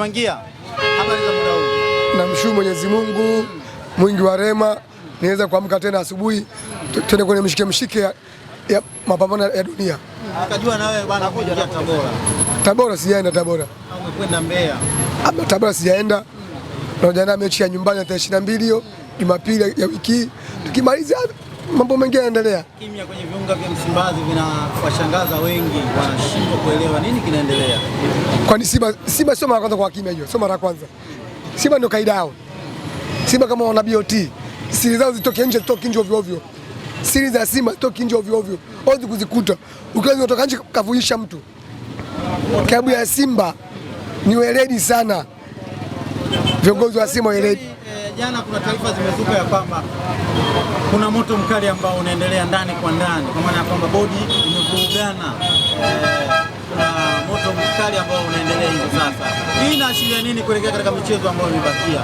Mangia, habari za muda huu? Namshukuru Mwenyezi Mungu mwingi wa rehema, niweza kuamka tena asubuhi tuende kwenye mshike mshike ya, ya mapambano ya dunia. Akajua na wewe bwana kuja na Tabora. Tabora sijaenda Tabora. Umekwenda Mbeya. Ama ah, Tabora sijaenda. Tunajiandaa mechi ya nyumbani ya tarehe 22 hiyo Jumapili ya wiki. Tukimaliza mambo mengine yanaendelea. Kimya kwenye viunga vya Msimbazi vinawashangaza wengi, wanashindwa kuelewa nini kinaendelea. Kwani Simba Simba sio mara kwanza kwa kimya hiyo, sio mara kwanza. Simba ndio kaida yao. Simba kama wana BOT, siri zao zitoke nje, zitoke nje ovyo ovyo. Siri za Simba zitoke nje ovyo ovyo, hawezi kuzikuta. Ukiwa unatoka nje kavuisha mtu. Klabu ya Simba ni weledi sana, viongozi wa Simba weledi jana kuna taarifa zimezuka ya kwamba kuna moto mkali ambao unaendelea ndani kwa ndani, kwa maana ya kwamba bodi imevurugana. Kuna eh, moto mkali ambao unaendelea hivi sasa. Hii inaashiria nini kuelekea katika michezo ambayo imebakia?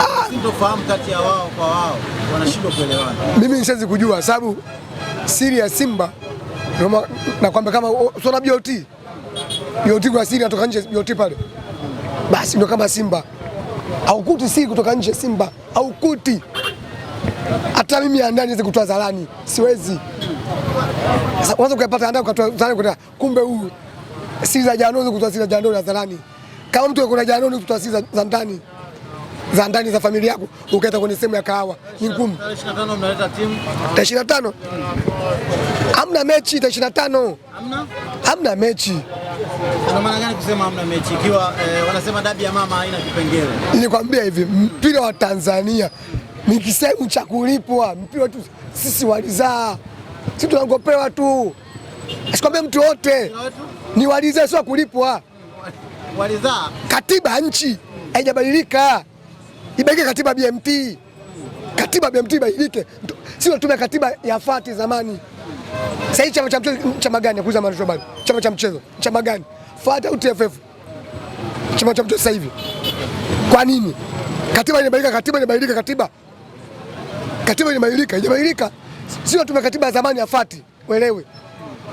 Ah, sintofahamu kati ya wao kwa wao, wanashindwa kuelewana. Mimi nishazi kujua sababu siri ya Simba na kwamba kama sona BOT BOT kwa siri natoka nje BOT pale, basi ndio kama Simba haukuti siri kutoka nje. Simba haukuti hata mimi ya ndani siwezi kutoa zalani, siwezi. Unaweza kuipata ndani ukatoa zalani kutoa, kumbe huyu siri za janoni kutoa siri za janoni na zalani. Kama mtu yuko na janoni kutoa siri za ndani za ndani za familia yako, ukaenda kwenye sehemu ya kahawa ni ngumu. Tarehe ishirini na tano mechi, tarehe ishirini amna tano hamna mechi. Kwa maana gani kusema hamna mechi ikiwa eh, wanasema dabi ya mama haina kipengele? Nikwambia hivi mpira wa Tanzania nikisema cha kulipwa. Mpira tu sisi walizaa, sisi tunagopewa tu, asikwambie mtu yote ni walizaa, sio kulipwa. Walizaa katiba nchi haijabadilika, ibadilike katiba BMT, katiba BMT ibadilike, sio tume katiba ya fati zamani sasa hii chama cha mchezo chama gani ya kuuza marushwa bado? Chama cha mchezo chama gani? Fuata UTFF. Chama cha mchezo sasa hivi. Kwa nini? Katiba inabadilika, katiba inabadilika, katiba. Katiba inabadilika, inabadilika. Sio tume katiba ya zamani ya Fati, uelewe.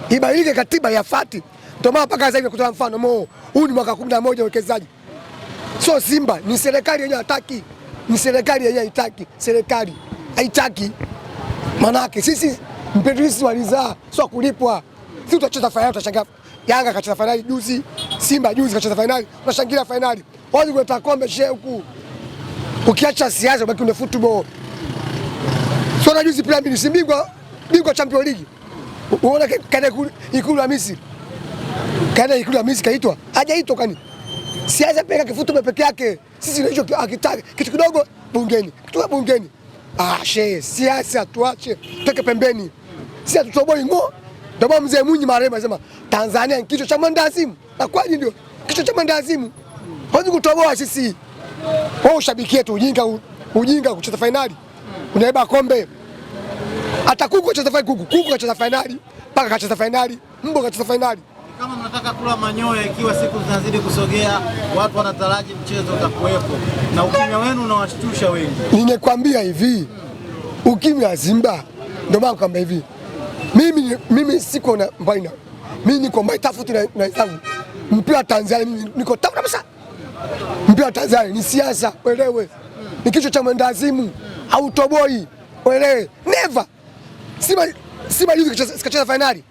Ibadilike katiba ya Fati. Ndio maana paka sasa hivi kutoa mfano mo, huu ni mwaka 11 uwekezaji. Sio Simba, ni serikali yenyewe hataki. Ni serikali yenyewe haitaki, serikali haitaki. Manake yake sisi Mpelisi walizaa sio kulipwa. Si utacheza fainali, tutashangaa. Yanga kacheza fainali juzi, Simba juzi kacheza fainali, unashangilia fainali. Wazi kuleta kombe sheku. Ukiacha siasa ubaki una football. Sio na juzi pia mbili simbingwa bingwa Champions League. Uona kana ikulu Hamisi. Kana ikulu Hamisi kaitwa. Hajaitwa kani. Siasa peka kifuto peke yake. Sisi ndio akitaka kitu kidogo bungeni. Kitu bungeni. Ah, she siasa tuache. Tuweke pembeni sisi hatutoboi ngo. Ndio maana mzee Mwinyi marehemu alisema Tanzania ni kichwa cha mwendazimu, na kwani ndio kichwa cha mwendazimu. Hawezi kutoboa sisi. Wao ushabikie tu ujinga, ujinga kucheza fainali. Unaiba kombe. Hata kuku kacheza fainali, kuku kuku kacheza fainali, paka kacheza fainali, mbwa kacheza fainali. Kama mnataka kula manyoya, ikiwa siku zinazidi kusogea, watu wanataraji mchezo utakuwepo na ukimya wenu unawashtusha wengi. Ningekwambia hivi, ukimya Simba, ndio maana kwamba hivi mimi, mimi siko na mbaina mimi, niko maitafuti na hesabu mpira Tanzania. Mimi niko tafu kabisa. Mpira Tanzania ni siasa, uelewe, ni kichwa cha mwendazimu autoboi uelewe. Never Simba, Simba hivi sikacheza finali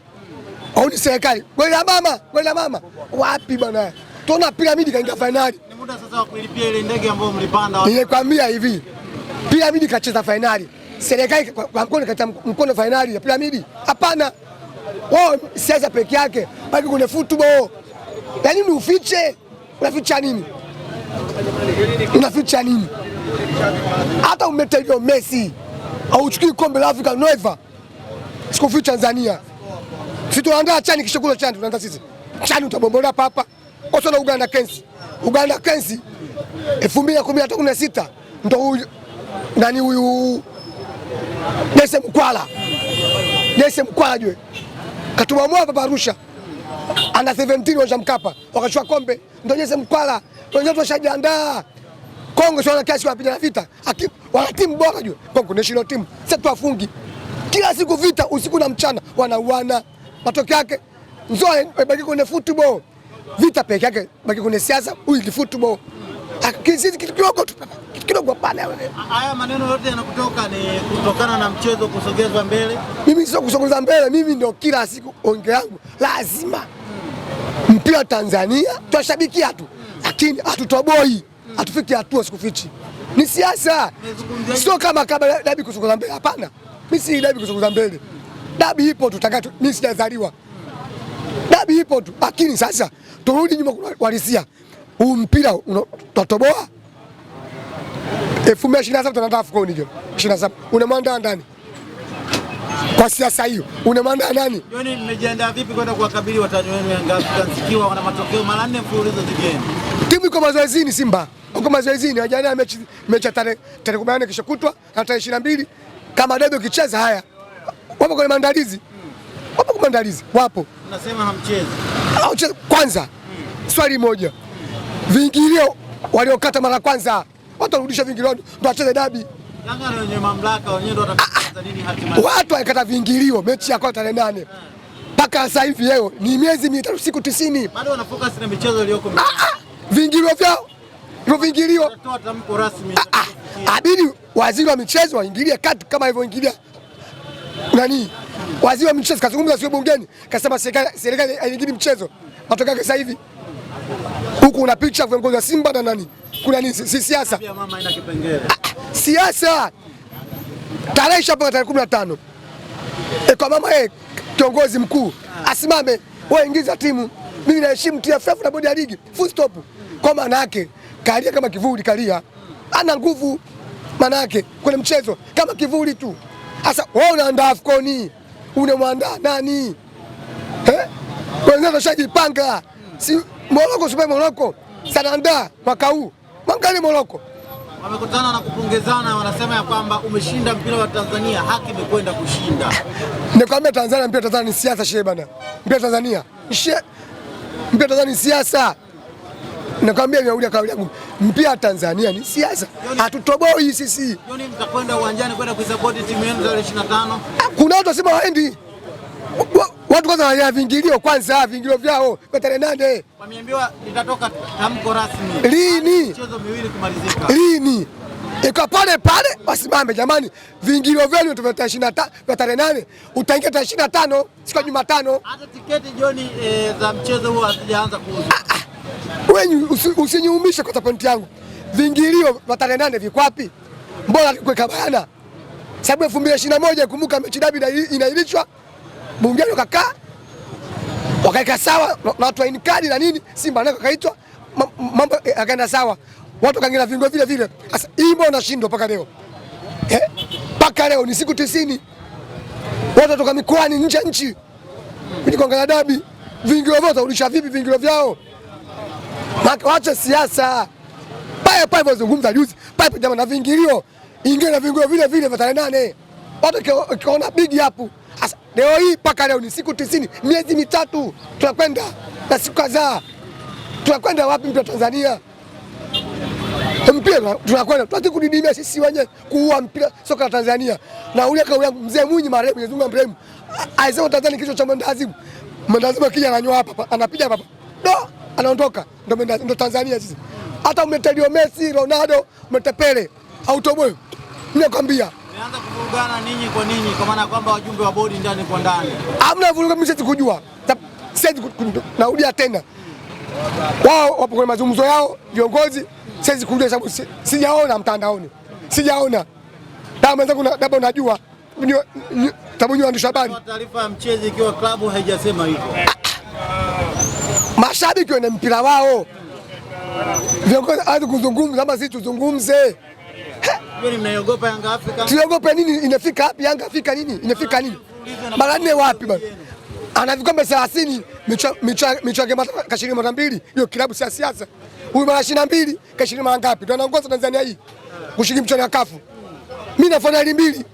au ni serikali wewe na mama, wewe na mama wapi bwana? tuna piramidi kaingia finali. Ni muda sasa wa kulipia ile ndege ambayo mlipanda. Nilikwambia hivi piramidi kacheza finali serikali kwa mkono kata mkono fainali ya piramidi? Hapana, wao siasa peke yake, bali kuna football. Yani ni ufiche, unaficha nini? Unaficha nini? Hata umleta hivyo Messi au uchukui kombe la Afrika never, sikuficha Tanzania. Si tunaandaa chani kisha kula chani, tunaanza sisi chani, utabombola papa kosa na Uganda Kensi, Uganda Kensi elfu mbili na kumi na sita ndo huyu nani huyu Jesse Mkwala, Jesse Mkwala jwe katubamua papa Arusha ana 17 wanja Mkapa wakachukua kombe, ndio Jesse Mkwala. Wenyewe tunashajiandaa Kongo, sio na kiasi, wanapigana vita, wana timu bora jwe. Kongo national team, sasa tuwafungi kila siku vita, usiku na mchana wana wana Matokeo yake mzoa eh, baki kwenye football, vita peke yake baki kwenye siasa, huyu ni football kitu kidogo tu, kitu kidogo hapana. Haya maneno yote yanakutoka ni kutokana na mchezo kusogezwa mbele? Mimi sio kusogeza mbele, mimi ndio kila siku onge yangu lazima mpira Tanzania twashabikia tu, lakini hatutoboi, hatufiki hatua, sikufichi ni siasa, sio kama kama dabi kusogeza mbele. Hapana, mimi si dabi kusogeza mbele, dabi ipo tu tangu mimi sijazaliwa, dabi ipo tu. Lakini sasa turudi nyuma kwa walisia huu mpira tutatoboa. elfu mbili ishirini na saba tunaandaa AFCON hiyo ishirini na saba unamwandaa ndani kwa siasa hiyo unamanda nani? Yoni, mmejiandaa vipi kwenda kuwakabili watani wenu Yanga Africans ikiwa wana matokeo mara nne mfululizo zigeni? Timu iko mazoezini, Simba uko mazoezini, wajiandaa mechi mechi ya tarehe 14 kesho kutwa na tarehe mbili kama debe ukicheza. Haya, wapo kwenye maandalizi, wapo kwa maandalizi, wapo. Unasema hamchezi? Kwanza swali moja viingilio waliokata mara kwanza, watu warudisha viingilio ndo acheze dabi. Watu walikata viingilio mechi ya tarehe nane mpaka sasa hivi leo ni miezi mitatu siku tisini, bado wana focus na michezo iliyoko. Ah, ah, viingilio vyao hivyo viingilio, ah, abidi waziri wa michezo waingilie kati kama alivyoingilia nani waziri wa michezo, kazungumza sio bungeni, kasema serikali serikali haingili mchezo, matokeo sasa hivi huku una picha viongozi wa Simba na nani, kuna nini? Si siasa, ah, ah, siasa. Tarehe ishapaka tarehe kumi na tano e, kwa mama yeye eh, kiongozi mkuu ah. asimame, wewe ingiza timu. Mimi naheshimu TFF na bodi ya ligi full stop. Kwa maana yake kalia kama kivuli, kalia ana nguvu, maana yake kwenye mchezo kama kivuli tu. Sasa wewe unaandaa AFCON unamwandaa nani eh? Wenzao washajipanga si Moroko super Moroko sananda mwaka huu mwangali Moroko wamekutana na kupongezana, wanasema ya kwamba umeshinda mpira wa Tanzania, haki imekwenda kushinda. Nikwambia Tanzania, mpira Tanzania ni siasa shehe bana, mpira Tanzania mpira Tanzania ni siasa. Nakwambia miaulia kauli yangu, mpira Tanzania ni siasa, hatutoboi sisi. Yoni, mtakwenda uwanjani kwenda kuisapoti timu yenu tarehe 25. Kuna watu wasema waendi Watu kwanza wana vingilio kwanza, vingilio vyao kwa tarehe nane wameambiwa litatoka tamko rasmi. Lini? Michezo miwili kumalizika. Lini? Iko pale pale, wasimame jamani, vingilio vyenu vya tarehe nane utaingia tarehe ishirini na tano siku ya Jumatano. Hata tiketi jioni eh, za mchezo huo hazijaanza kuuzwa. Ah, ah. Wewe usinyumishe kwa pointi yangu, vingilio vya tarehe nane viko wapi? Mbona kuweka bayana? Sababu elfu mbili ishirini na moja kumbuka, mechi dabi inailishwa bungeni wakakaa wakaika sawa na watu wa inkadi na nini, Simba nako kaitwa mambo eh, akaenda sawa, watu wakaingia vingo vile vile. Sasa hii mbona nashindwa mpaka leo eh, mpaka eh? leo ni siku tisini watu watoka mikoani nje nchi kuja kuangalia dabi. Vingilio vyao ulisha vipi vingilio vyao? wacha siasa pale pale vozungumza juzi pale, jamaa na vingilio ingie na vingilio vile vile vya tarehe nane watu kiona bigi hapo Leo hii mpaka leo ni siku tisini, miezi mitatu tunakwenda na siku kadhaa. Tunakwenda wapi mpira Tanzania? Mpira tunakwenda tuati kudidimia sisi wenye kuua mpira soka la Tanzania. Na ule kauli yangu mzee Mwinyi marehemu Mwenyezi Mungu amrehemu alisema Tanzania kichwa cha mwendazimu. Mwendazimu akija ananyoa hapa, anapiga hapa. Do, anaondoka. Ndo ndo Tanzania sisi. Hata umetelio Messi, Ronaldo, umetepele. Autoboy. Ninakwambia Imeanza kuvurugana ninyi kwa ninyi kwa maana kwamba wajumbe wa bodi ndani kwa ndani. Hamna vuruga, mimi siwezi kujua. Siwezi narudia tena. Wao wapo kwenye mazungumzo yao viongozi, siwezi kujua sababu sijaona mtandaoni. Sijaona. Kama mwenzangu labda unajua tabu waandishi habari. Taarifa ya mchezo ikiwa klabu haijasema hivyo. Mashabiki wana mpira wao. Viongozi hawezi kuzungumza kama sisi tuzungumze. Tuliogopa nini? Inafika wapi Yanga Fika nini? Inafika nini? Mara nne wapi bwana? Ana vikombe 30, micho kashiri kashirini mara mbili. Hiyo kilabu si siasa. Huyu mara 22 kashiri mara ngapi? Ndio anaongoza Tanzania hii. Kushiriki mchana wa kafu. Mimi na fainali mbili.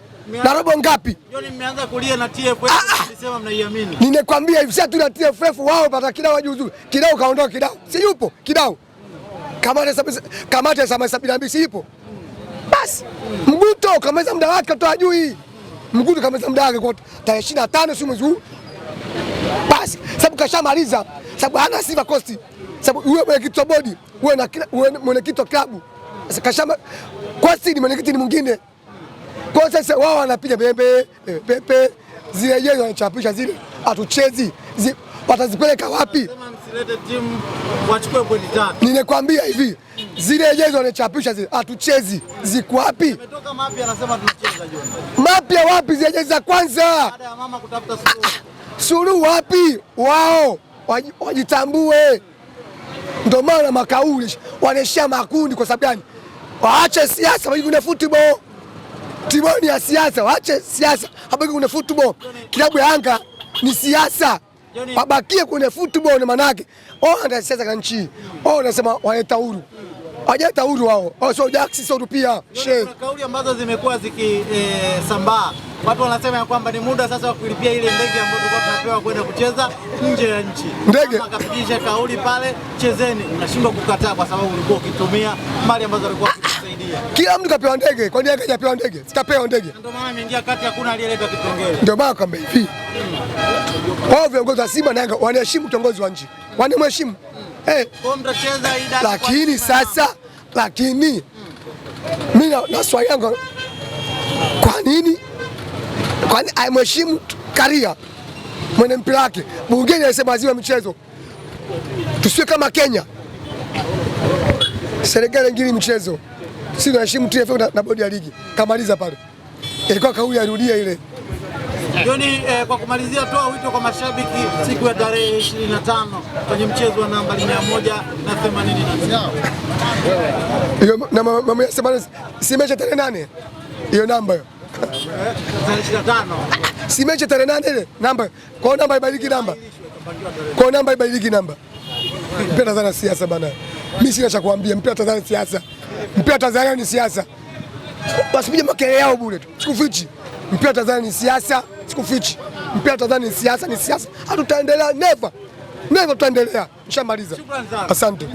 Na robo ngapi? Joni mmeanza kulia na TFF ah, ah. mlisema mnaiamini. Nimekwambia hivi sasa tuna TFF wao pata kidao juu. Kidao kaondoa kidao. Si yupo kidao. Kamati ya 72 si ipo basi Mguto kamaliza muda wake kutoa juu. Mguto kamaliza muda wake kwa tarehe 25 si mwezi huu, basi sababu kashamaliza, sababu hana sifa kosti, sababu uwe mwenyekiti wa bodi wewe na wewe mwenyekiti wa klabu kashama kosti ni mwenyekiti ni mwingine. Kwa sasa wao wanapiga pembe pepe zile yeye anachapisha zile, atuchezi zile watazipeleka wapi? ninekwambia hivi zile jezi wanachapisha zile hatuchezi, ziko wapi? Mapya wapi? zile jezi za kwanza suruhu wapi? Wao wajitambue. Ndio maana makauli wanaishia makundi. Kwa sababu gani? Waache siasa, wabaki kwenye football. timoni ya siasa, waache siasa, wabaki kwenye football. Klabu ya Yanga ni siasa. Yaani- wabakie kwenye football, manake Oh, ndio siasa za nchi. Wao oh, wanasema waleta huru hajata huru wao Oh, sio jaksi sio tupia yaani shehe. Kauli ambazo zimekuwa zikisambaa e, watu wanasema ya kwamba ni muda sasa wa kulipia ile ndege ambayo tulikuwa tunapewa kwenda kucheza nje ya nchi. Ndege akapitisha kauli pale, chezeni, nashindwa kukataa kwa sababu ulikuwa ukitumia mali ambazo alikuwa kila mtu kapewa ndege, kwa nini hajapewa ndege? Sitapewa ndege. Ndio maana ameingia kati, hakuna aliyeleta kipengele. Ndio maana kwamba hivi wao viongozi wa Simba na Yanga wanaheshimu kiongozi wa nchi, wanamheshimu eh, lakini sasa, lakini mimi na swali yangu, kwa nini kwa nini aimheshimu Karia mwenye mpira wake bungeni anasema lazima michezo tusiwe kama Kenya, serikali ingili michezo sisi tunaheshimu TFF na, na bodi ya ligi. Kamaliza pale, ilikuwa kauli arudia ile Joni. Eh, kwa kumalizia, toa wito kwa mashabiki siku ya tarehe 25 kwenye mchezo wa namba 189 hiyo na mama sema si mechi tarehe nane hiyo namba hiyo si mechi tarehe nane ile namba kwao, namba ibadiliki, namba kwao, namba ibadiliki, namba mpira sana siasa bana. Mimi sina cha kuambia mpira Tanzania siasa Mpira Tanzania ni siasa, wasipige makelele yao bure tu, sikufichi. Mpira wa Tanzania ni siasa, sikufichi. Mpira wa Tanzania ni siasa, ni siasa, hatutaendelea never never, tutaendelea. Nishamaliza, asante.